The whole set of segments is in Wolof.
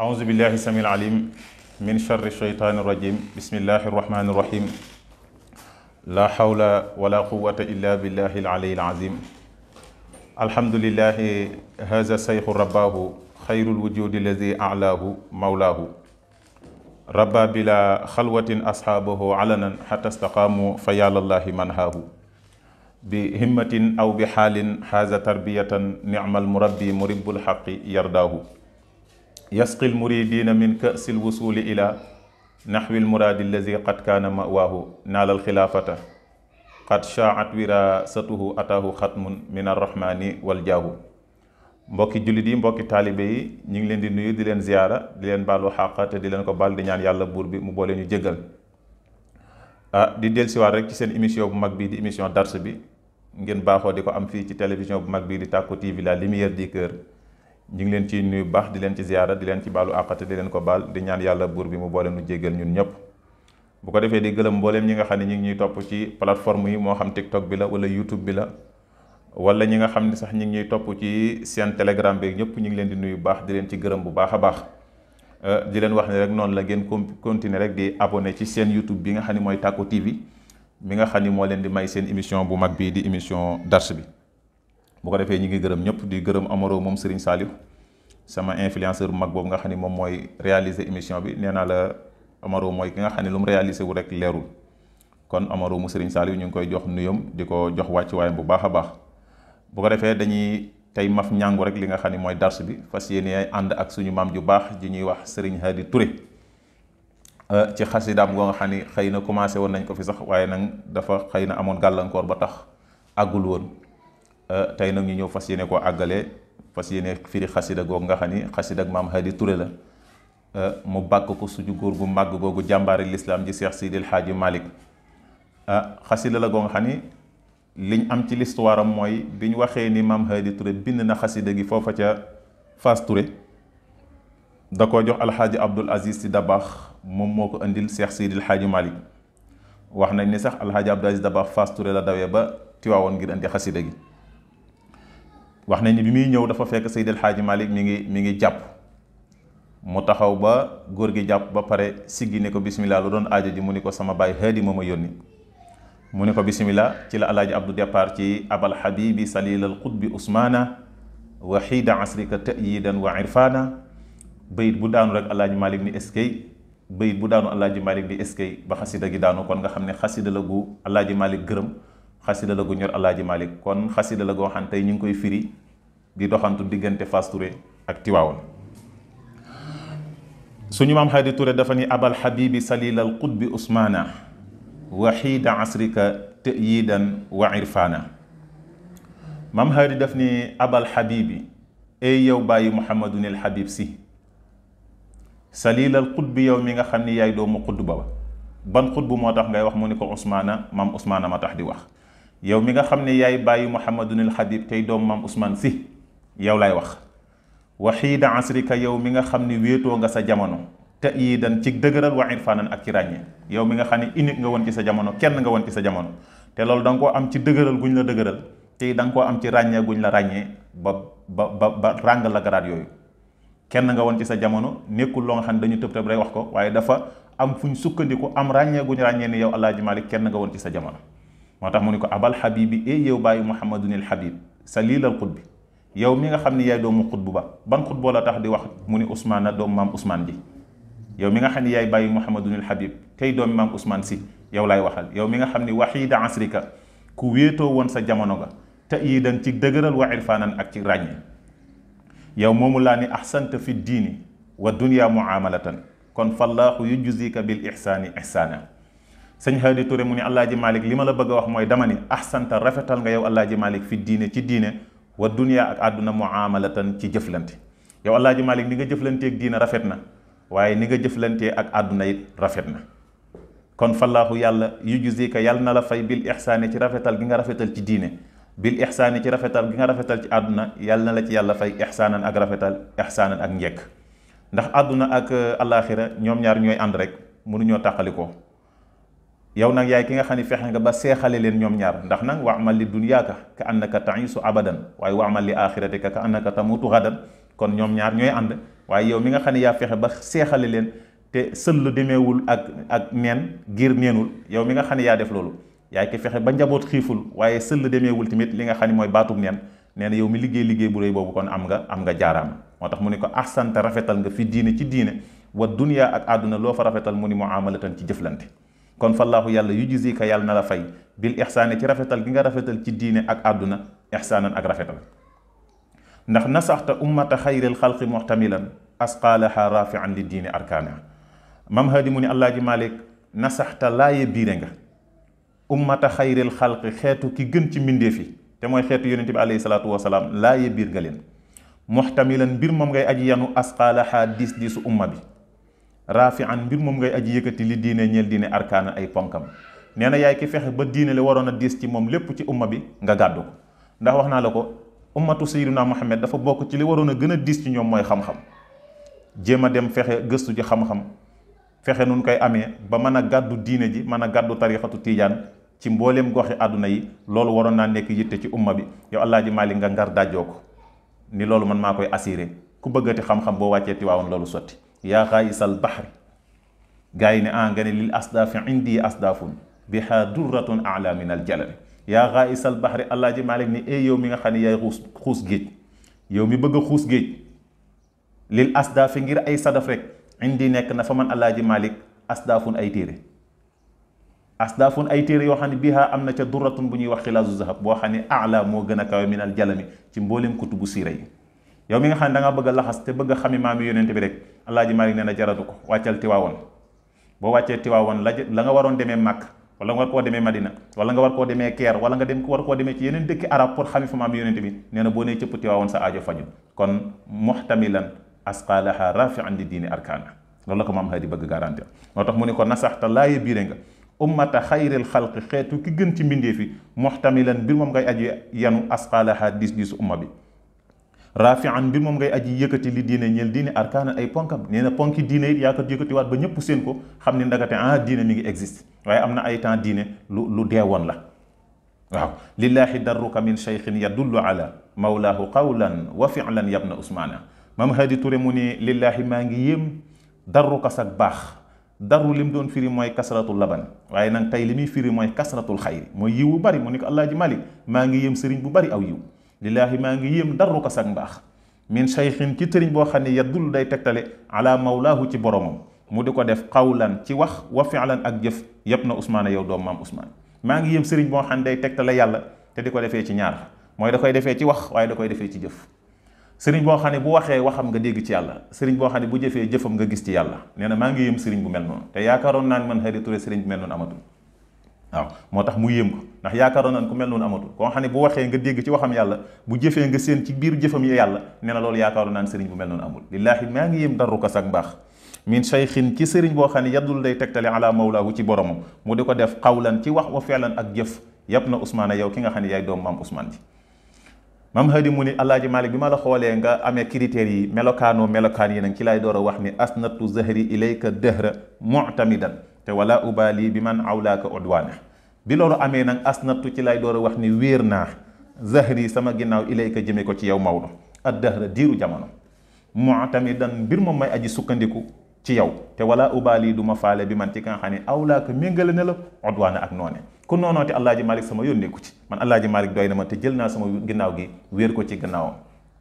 أعوذ بالله السميع العليم من شر الشيطان الرجيم بسم الله الرحمن الرحيم لا حول ولا قوة إلا بالله العلي العظيم الحمد لله هذا سيخ رباه خير الوجود الذي أعلاه مولاه ربا بلا خلوة أصحابه علنا حتى استقاموا فيا لله منهاه بهمة أو بحال هذا تربية نعم المربي مرب الحق يرداه yasqil na min kasil wusuli ila naxwil muraadi allazi qad kaana mawaahu naalal xilaafata qad shaat wirasatuhu ataahu xatmun min arrahmani wal jaahu mbokki jullit yi mbokki taalibe yi ñu ngi leen di nuyu di leen ziyaara di leen baalu xàq te di leen ko baal di ñaan yàlla buur bi mu boole ñu jéggal ah di dellusiwaat rek ci seen émission bu mag bi di émission dars bi ngeen baaxoo di ko am fii ci télévision bu mag bi di Tacko TV la lumière du ñu ngi leen ci nuyu baax di leen ci ziyaara di leen ci baalu àqate di leen ko baal di ñaan yàlla buur bi mu boole nu jéggal ñun ñëpp bu ko defee di gërëm mbooleem ñi nga xam ne ñi ngi ñuy topp ci plateforme yi moo xam TikTok bi la wala YouTube bi la wala ñi nga xam ne sax ñi ngi ñuy topp ci seen Telegram bi ñëpp ñu ngi leen di nuyu baax di leen ci gërëm bu baax a baax euh, di leen wax ne rek noonu la ngeen continuer rek di abonné ci seen YouTube bi nga xam ne mooy Tacko TV mi nga xam ni moo leen di may seen émission bu mag bii di émission dars bi bu ko defee ñi ngi gërëm ñëpp di gërëm Amaro moom Serigne Saliou sama influenceur mag boobu nga xam ne moom mooy réaliser émission bi neenaa la Amaro mooy ki nga xam ne lu mu réaliser wu rek leerul kon Amaro mu Serigne Saliou ñu ngi koy jox nuyam di ko jox waaye bu baax a baax bu ko defee dañuy tey maf ñàngu rek li nga xam ne mooy dars bi fas yéene ànd ak suñu maam ju baax ji ñuy wax Serigne di Touré euh, ci xasidaam goo nga xam ni xëy na commencé woon nañ ko fi sax waaye nag dafa xëy na amoon gàllankoor ba tax àggul woon Euh, tey nag ñu ñëw fas yéene koo àggale fas yéene firi xasida googu nga xam ni xasida ak maam Hadi Touré la euh, mu bàkk ko suñu góor gu màgg googu jàmbaari lislaam ji Seex Sidil Xaaji Malik euh, xasida la goo nga xam liñ am ci l'histoire am mooy biñ waxee ni maam Hadi Touré bind na xasida gi foofa ca fas Touré da koo jox alxaaji Abdul Aziz si Dabaax moom moo ko indil Seex Sidil Xaaji Malik wax nañ ni sax alxaaji Abdul Aziz Dabaax fas ture la dawee ba Tiwaawoon ngir indi xasida gi wax nañ ni bi muy ñëw dafa fekk Seyd El Hadji malik mu ngi mi ngi jàpp mu taxaw ba góor gi jàpp ba pare siggi ne ko bismillah lu doon aajo ji mu ni ko sama baay haadi moo ma yónni mu ni ko bismillah ci la alaaji abdou départ ci abal habibi salil al qutbi usmana wa xiida asrika tayidan wa irfana bayit bu daanu rek alaaji malik ni eskay bayit bu daanu alaaji malik ni eskay ba xasida gi daanu kon nga xam ne xasida la gu alaaji malik gërëm xasida la gu ñor Alaaji Malick kon xasida la goo xam tey ñu ngi koy firi di doxantu diggante Fass Touré ak Tiwaawan suñu maam Xaadi Touré dafa ni abal xabibi salilal qutbi usmaana waxiida asrika tëyidan wa irfaana maam Xaadi daf ni abal xabibi ey yow bàyyi muhammadunil xabib si salilal qutbi yow mi nga xam ni yaay doomu xutb ba ban xutb moo tax ngay wax mu ni ko usmaana maam usmaana ma tax di wax yow mi nga xam ne yaay bàyyi Muhammadunil Xadib tey doom maam Ousmane si yow laay wax waxiida asrika yow mi nga xam ni wéetoo nga sa jamono te yii dan ci dëgëral wa irfaanan ak ci ràññee yow mi nga xam ne unique nga woon ci sa jamono kenn nga woon ci sa jamono te loolu da nga am ci dëgëral guñ la dëgëral tey da ko am ci ràññee guñ la ràññee ba ba ba ba ràng la garaat yooyu kenn nga woon ci sa jamono nekkul loo nga xam ne dañu tëb tëb rek wax ko waaye dafa am fuñ sukkandiku am ràññee guñ ràññee ni yow Alaaji Malik kenn nga woon ci sa jamono moo tax mu ne ko abal xabibi e eh yow bàyyi muhammadunil xabib sa lii liilal xutbi yow mi nga xam ne yaay doomu xutbu ba ban xutboo la tax di wax mu ni usmaana na doomu maam usmaan ji yow mi nga xam ne yaay bàyyi muhammadunil xabib tey doomi maam Ousmane si yow laay waxal yow mi nga xam ne waxiida asrika ku wéetoo woon sa jamono ga te yii dan ci dëgëral wa irfaanan ak ci ràññe yow moomu laa ni ahsanta fi diini wa dunya muamalatan kon fallaahu yujzika bil ihsaani ihsaana sëñ Xaadi Touré mu ni Alaaji malik li ma la bëgg wax mooy dama ni ahsanta rafetal nga yow Alaaji Malick fi diine ci diine wa dunia ak àdduna muamalatan ci jëflante yow Alaaji malik ni nga jëflanteeg diine rafet na waaye ni nga jëflantee ak àdduna yi rafet na kon fallaahu yàlla yujzika yàlla na la fay bil ixsaani ci rafetal gi nga rafetal ci diine bil ixsaani ci rafetal gi nga rafetal ci àdduna yàlla na la ci yàlla fay ixsaanan ak rafetal ixsaanan ak njekk ndax àdduna ak alaaxira euh, ñoom ñaar ñooy ànd rek mënuñoo tàqalikoo yow nag yaay ki nga xam ne fexe nga ba seexale leen ñoom ñaar ndax nag waamal li dunyaaka ka annaka su abadan waaye waamal li axiratika ka annaka tamutu gadan kon ñoom ñaar ñooy ànd waaye yow mi nga xam ne yaa fexe ba seexale leen te sëll demeewul ak ak neen giir neenul yow mi nga xam ne yaa def loolu yaay ki fexe ba njaboot xiiful waaye sël sëll demeewul tamit li nga xam ne mooy baatub neen nee na yow mi liggéey liggéey bu réy boobu kon am nga am nga jaaraama moo tax mu ne ko ahsanta rafetal nga fi diine ci diine wa dunya ak àdduna loo fa rafetal mu ni muamalatan ci jëflante kon fallaahu yàlla yu jizika yàlla na la fay bil ixsaani ci rafetal gi nga rafetal ci diine ak àdduna ixsaanan ak rafetal ndax nasaxta ummata xayril xalqi muxtamilan asqaalaha rafian li diine arkaana mam haadi mu ni allaaji malik nasaxta laaye biire nga ummata xayril xalqi xeetu ki gën ci mbindee fi te mooy xeetu yonente bi alayhi salaatu wasalaam laaye biir nga leen muxtamilan mbir moom ngay aji yanu asqaalaha diis diisu umma bi raafi an mbir moom ngay aji yëkkati li diine ñeel diine arkaana ay ponkam nee na yaay ki fexe ba diine li waroon a diis ci moom lépp ci umma bi nga gàddu ndax wax naa la ko ummatu sayyiduna Muhammad dafa bokk ci li waroon a gën a diis ci ñoom mooy xam jéem a dem fexe gëstu ji xam fexe nun koy amee ba mën a gàddu diine ji mën a gàddu tarixatu tiijaan ci mbooleem goxi àdduna yi loolu waroon naa nekk yitte ci umma bi yow Alaaji Maalik nga ngar dajjoo ko ni loolu man maa koy assuré ku bëggati xam-xam boo wàccee Tiwaawan loolu sotti yaa xaayisal baxri gaa yi ne ah nga ne lil asdaafi indi asdaafun biha durratun ala min al jalami yaa xaayisal baxri allah ji malik ne e yow mi nga xam ne yaay xuus xuus géej yow mi bëgg a xuus géej lil asdaafi ngir ay sadaf rek indi nekk na fa man allah ji malik asdaafun ay téere asdaafun ay téere yoo xam ne biha am na ca durratun bu ñuy wax xilaasu zahab boo xam ne ala moo gën a kawe min al ci mboolem kutubu siira yi yow mi nga xam ne danga ngaa laxas te bëgg a xami maam yi yonent bi rek Alaaji Maalik nee na jaratu ko wàccal Tiwaawoon boo wàccee Tiwaawoon la la nga waroon demee Màkk wala nga war koo demee Madina wala nga war koo demee Keer wala nga dem ko war koo demee ci yeneen dëkki arab pour xami fa maam yi yonent bi nee na boo nee cëpp Tiwaawoon sa aajo faju kon muxtamilan asqalaha rafian li diini arkaana loolu la ko maam Hadi bëgg garantir moo tax mu ne ko nasaxta laaye biire nga ummata xayril xalqi xeetu ki ci mbindee fi muxtamilan mbir moom ngay aju yanu asqalaha dis disu umma bi rafian mbir moom ngay aji yëkkati li diine ñeel diine arkaanan ay ponkam nee na ponki diine it yaa ko yëkkatiwaat ba ñëpp seen ko xam ne ndagate ah diine mi ngi existe waaye am na ay temps diine lu lu deewoon la waaw lillaahi darruka min cheykhin yadullu ala mawlaahu qawlan wa filan yabna usmaana mam hadi Touré mu ne lillaahi maa ngi yéem darruka sag baax daru lim doon firi mooy kasratul laban waaye nag tey li muy firi mooy kasratul xayri mooy yiw bu bari mu ne ko Allaaji Malik maa ngi yéem sëriñ bu bari aw yiw lillaahi maa ngi yéem darru ko sag mbaax min cheykhin ci sëriñ boo xam ne yaddul day tegtale ala mawlaahu ci boromam mu di ko def xawlan ci wax wa fi'lan ak jëf yëpp na Ousmane yow doom maam Ousmane maa ngi yéem sëriñ boo xam ne day tegtale yàlla te di ko defee ci ñaar mooy da koy defee ci wax waaye da koy defee ci jëf sëriñ boo xam ne bu waxee waxam nga dégg ci yàlla sëriñ boo xam ne bu jëfee jëfam nga gis ci yàlla nee na maa ngi yéem sëriñ bu mel noonu te yaakaaroon naa ne man Khady Touré sëriñ bu mel noonu amatul waaw moo tax mu yéem ko ndax yaakaaroon nañ ku mel noonu amatul koo xam ne bu waxee nga dégg ci waxam yàlla bu jëfee nga seen ci biir jëfam yi yàlla nee na loolu yaakaaroon naan sëriñ bu mel noonu amul lillaahi maa ngi yëm darru ko sax mbaax min shaykhin ci sëriñ boo xam ne yaddul day tegtale ala mawlaahu ci boromam mu di ko def xawlan ci wax wa feelan ak jëf yàpp na Ousmane yow ki nga xam ne yaay doom maam Ousmane ji mam hadi mu ni alaaji bi ma la xoolee nga amee critères yi melokaanoo melokaan yi nag ci lay door a wax ni asnatu zahri ilayka dëhra mu'tamidan te wala ubali bi man awlaaka udwaana bi loolu amee nag asnatu ci lay door a wax ni wéer naa zahri sama ginnaaw ko jëme ko ci yow Maodo ad dahra diiru jamono tamit mu'tamidan mbir moom may aji sukkandiku ci yow te wala ubaali du ma faale bi man ci ka nga xam ne awlaaka méngale na la odwaana ak noone ku noonoo te Alaaji Malik sama yónneeku ci man Alaaji Malik doy na ma te jël naa sama ginnaaw gi wéer ko ci ginnaawam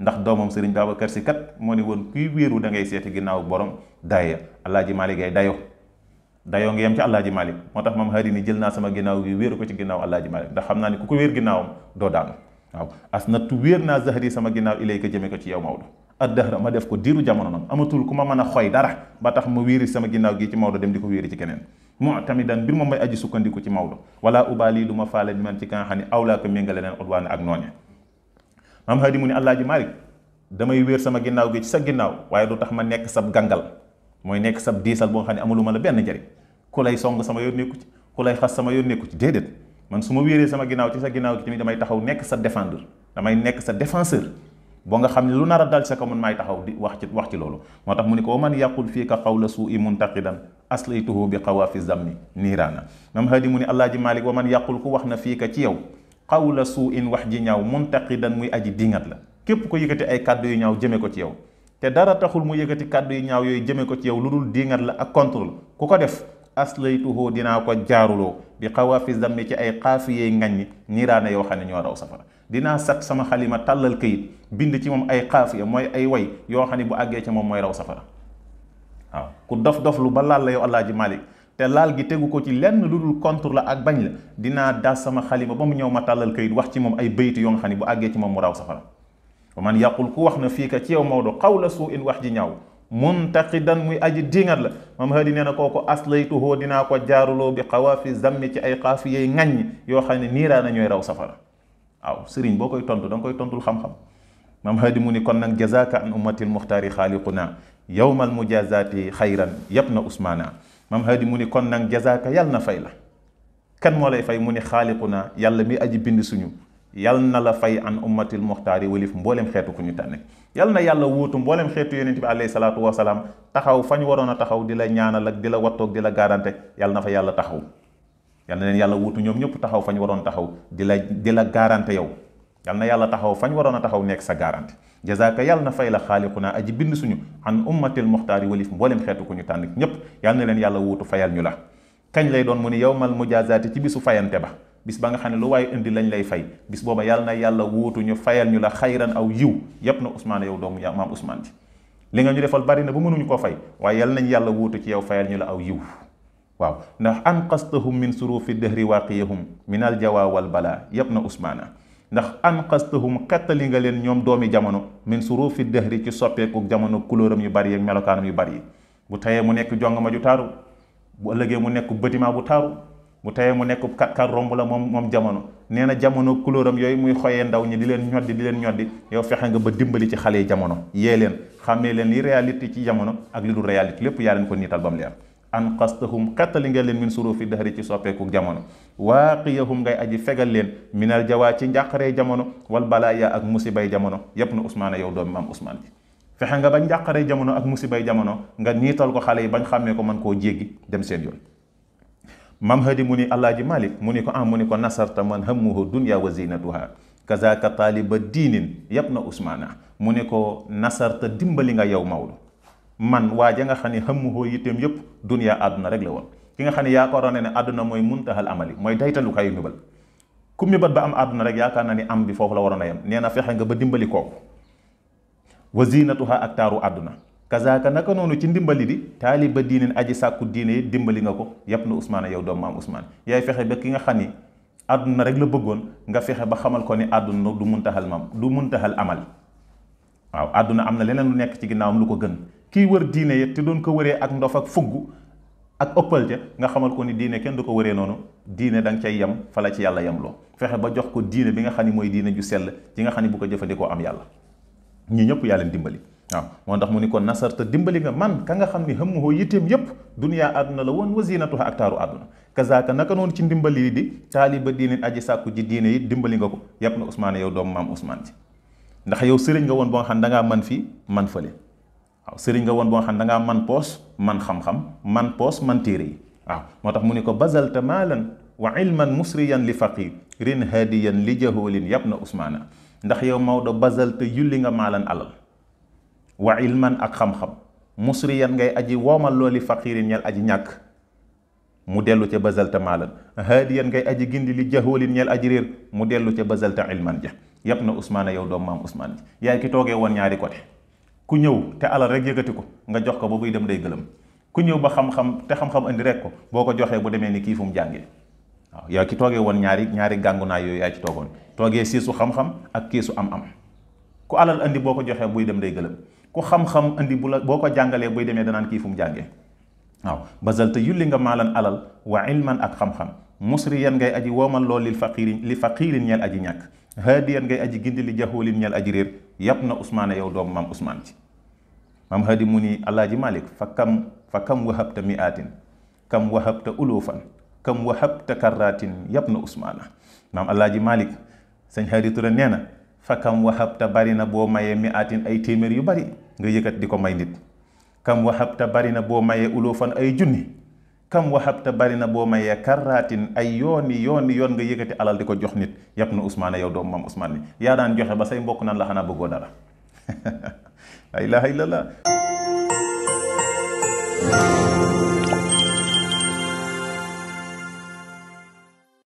ndax doomam Sëriñ Babacar Si kat moo ne woon kuy wéeru da ngay seeti ginnaaw borom daaya Alaaji Malik ay dayo dayoo ngi yem ci Alaaji Malik moo tax maam Haadi ni jël naa sama ginnaaw gi wéeru ko ci ginnaaw xam naa ku ko wéer ginnaawam doo daanu waaw as nattu wéer naa zahri sama ginnaaw ilay ko jëme ko ci yow Maodo ad dahra ma def ko diiru jamono amatul ku ma mën a xoy dara ba tax ma wéeri sama ginnaaw gi ci Maodo dem di ko wéeri ci keneen moo tamit daan mbir moom may aji ci Maodo wala ubaali du ma faale man ci kan aw laa ko méngale leen udwaane ak nooñe maam Haadi mu ne Alaaji Malik damay wéer sama ginnaaw gi ci sa ginnaaw waaye du tax ma nekk sab gàngal mooy nekk sab diisal boo xam ne amuluma la benn njariñ ku lay song sama yoon nekku ci ku lay xas sama yoon nekku ci déedéet man su ma wéeree sama ginnaaw ci sa ginnaaw ci tamit damay taxaw nekk sa défendre damay nekk sa défenseur boo nga xam ne lu nar a sa man maay taxaw di wax ci wax ci loolu moo tax mu ni ko man yàqul fii ka xawla suu i muntaqidan aslaytuhu bi xawaafi zammi niiraana mam hadi mu ni allaaji malik wa man yàqul ku wax na fii ka ci yow xawla suu in wax ji ñaaw muntaqidan muy aji dingat la képp ko yëkkati ay kàddu yu ñaaw jëme ko ci yow te dara taxul mu yëkkati kàddu yu ñaaw yooyu jëme ko ci yaw lu dul diingat la ak contrôle ku ko def aslaytuhu dinaa ko jaaruloo bi xawaafi zammi ci ay xaafiyey ngaññi niiraana yoo xam ne ñoo raw safara dinaa sat sama xalima tàllal këyit bind ci moom ay xaafiya mooy ay way yoo xam ne bu àggee ci moom mooy raw safara waaw ku dof dof lu ba laal la yow Alaaji te laal gi tegu ko ci lenn lu dul contre la ak bañ la dinaa daas sama xalima ba mu ñëw ma tàllal këyit wax ci moom ay baytu yoo xam ne bu àggee ci moom mu raw safara wa man yaqul ku wax na fii ka ci yow Maodo la suu in wax ji ñaaw muntaqidan muy aji diingat la moom hadi nee na kooku aslaytuhoo dinaa ko jaaruloo bi xawaafi zammi ci ay xaafiyey ŋaññ yoo xam ne niiraa na ñooy raw safara waaw sëriñ boo koy tontu da nga koy tontul xam-xam moom hadi mu ni kon nag jazaka an ummatil muxtaari xaaliquna yowmal mujazaati xayran yëpp na usmaana moom hadi mu ni kon nag jazaka yàlla na fay la kan moo lay fay mu ni xaaliquna yàlla mi aji bind suñu yal na la fay an ummatil muxtaari walif mboolem xeetu ku ñu tànn yal na yàlla wuutu mboolem xeetu yonent bi alayhi salaatu wasalaam taxaw fa waroon a taxaw di ñaanal ak di la wattoog di gaarante yal na fa yàlla taxaw yal na yàlla wuutu ñëpp taxaw fa ñu waroon taxaw di la di la gaarante yow yal yàlla taxaw fañ waroon a taxaw nekk sa gaarante jazaaka yàlla na fay la xaaliquna aji bind suñu an ummatil muxtaari walif mboolem xeetu ku ñu tànn ñëpp yal na leen yàlla wuutu fayal ñu la kañ lay doon mu ni yowmal mujaazaati ci bisu fayante ba bis ba nga xam ne lu waaye indi lañ lay fay bis booba yàlla na yàlla wuutu ñu fayal ñu la xayran aw yiw yépp na Ousmane yow doomu maam Ousmane ji li nga ñu defal bari na ba mënuñu koo fay waaye yàlla nañ yàlla wuutu ci yow fayal ñu la aw yiw waaw ndax an qastahum min surufi dëhri waaqiyahum min al jawa wal bala yépp na Ousmane ndax an qastahum xettali nga leen ñoom doomi jamono min fi dëhri ci soppeeku jamono couleuram yu bari ak melokaanam yu bari bu tayee mu nekk ju taaru bu teyee mu nekk kat kat romb la moom moom jamono nee na jamono couleuram yooyu muy xoyee ndaw ñi di leen ñoddi di leen ñoddi yow fexe nga ba dimbali ci xale yi jamono yee leen xàmmee leen li réalité ci jamono ak li du réalité lépp yaa leen ko niital ba mu leer an qastahum xettali nga leen min surufi dahri ci soppeeku jamono waaqiyahum ngay aji fegal leen minal jawaa ci njàqaree jamono wal balaaya ak musibay jamono yépp na Ousmane yow doomi maam Ousmane bi fexe nga ba njàqaree jamono ak musibay jamono nga niital ko xale yi bañ xàmmee ko mën koo jéggi dem seen yoon mam hadi mu ni allaaji malik mu ni ko am ah, mu ni ko nasarta man hammuhu dunya wa zinatuha kazaka taaliba diinin yab na usmaana mu ni ko nasarta dimbali nga yow mawlu man waa ja nga xam ne hammuhu yitteem yëpp dunya àdduna rek la woon ki nga xam ne yaakaaroon na ne àdduna mooy muntahal amali mooy daytalu kayu mibal ku mibal ba am àdduna rek yaakaar na ni am bi foofu la waroon a yem nee na fexe nga ba dimbali kooku wa zinatuha ak taaru àdduna kazaaka naka noonu ci ndimbali di taaliba diineen aji sàkku diine dimbali nga ko yàpp na usmaan yow doom maam Ousmane yaay fexe ba ki nga xam ni àdduna rek la bëggoon nga fexe ba xamal ko ni àdduna du muntaxal maam du muntaxal amal waaw àdduna am na leneen lu nekk ci ginnaawam lu ko gën kii wër diine ya te doon ko wëree ak ndof ak fugg ak ëppal ja nga xamal ko ni diine kenn du ko wëree noonu diine danga nga cay yem fa la ci yàlla yem loo fexe ba jox ko diine bi nga xam ni mooy diine ju sell ci nga xam ni bu ko jëfandikoo am yàlla ñi ñëpp yàlla leen dimbali waaw moo ndax mu ni ko nasar te dimbali nga man ka nga xam ni xëmmuhoo yitteem yépp duniyaa àdduna la woon wa zinatuha ak taaru àdduna kazaaka naka noonu ci ndimbali di taaliba diinin aji sàkku ji diine yi dimbali nga ko yàpp na Ousmane yow doomu maam Ousmane ci ndax yow sëriñ nga woon boo nga xam ne da ngaa man fii man fële waaw sëriñ nga woon boo nga xam ne da ngaa man poos man xam man poos man téere yi waaw moo tax mu ni ko bazalta maalan wa ilman musriyan li faqirin hadiyan li jahoolin yàpp na Ousmane ndax yow Maodo bazalta yulli nga maalan alal wa ilman ak xam-xam musriyan ngay aji woomal looli faqiirin ñeel aji ñàkk mu dellu ca bazalta maalan haadiyan ngay aji gindi li jahoolin ñeel aji réer mu dellu ca bazalta ilman ja yàpp na Ousmane yow doom maam Ousmane ji yaay ki toogee woon ñaari côté ku ñëw te alal rek yëkkati ko nga jox ko ba buy dem day gëlëm ku ñëw ba xam-xam te xam-xam indi rek ko boo ko joxee bu demee ni kii fu mu jàngee waaw yow ki toogee woon ñaari ñaari gàngu naa yooyu yaay ci toogoon toogee siisu xam-xam ak kiisu am-am ku alal indi boo ko joxee buy dem day gëlëm ku xam-xam indi bu la boo ko jàngalee buy demee danaan kii fu mu jàngee waaw basalta yulli nga maalan alal wa ilman ak xam-xam musri yan ngay aji woomal lool lil faqiiri li faqiirin ñeel aji ñàkk haadiyan ngay aji gindi li jaxoolin ñeel aji réer yàpp na Ousmane yow doomu maam Ousmane ci maam haadi mu ni Alaaji Malik fa kam fa kam wahabta mi'aatin kam wahabta ulufan kam wahabta karratin yàpp na Ousmane maam Alaaji Malik sëñ haadi Ture nee na fa kam wahabta bari na boo mayee mi'aatin ay téeméer yu bari nga yëkkat di ko may nit kam waxabta bari na boo mayee ulufan ay junni kam waxabta bari na boo mayee karraatin ay yoon yooni yoon nga yëkkati alal di ko jox nit yàpp na Ousmane yow doomu maam Ousmane ni yaa daan joxe ba say mbokk naan la xanaa bëggoo dara la ilaha illallah